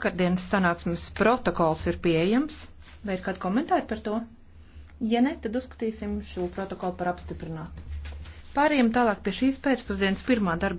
Vakardienas sanāksmes protokols ir pieejams. Vai ir kādi komentāri par to? Ja ne, tad uzskatīsim šo protokolu par apstiprinātu. Pārējiem tālāk pie šīs pēcpusdienas pirmā darba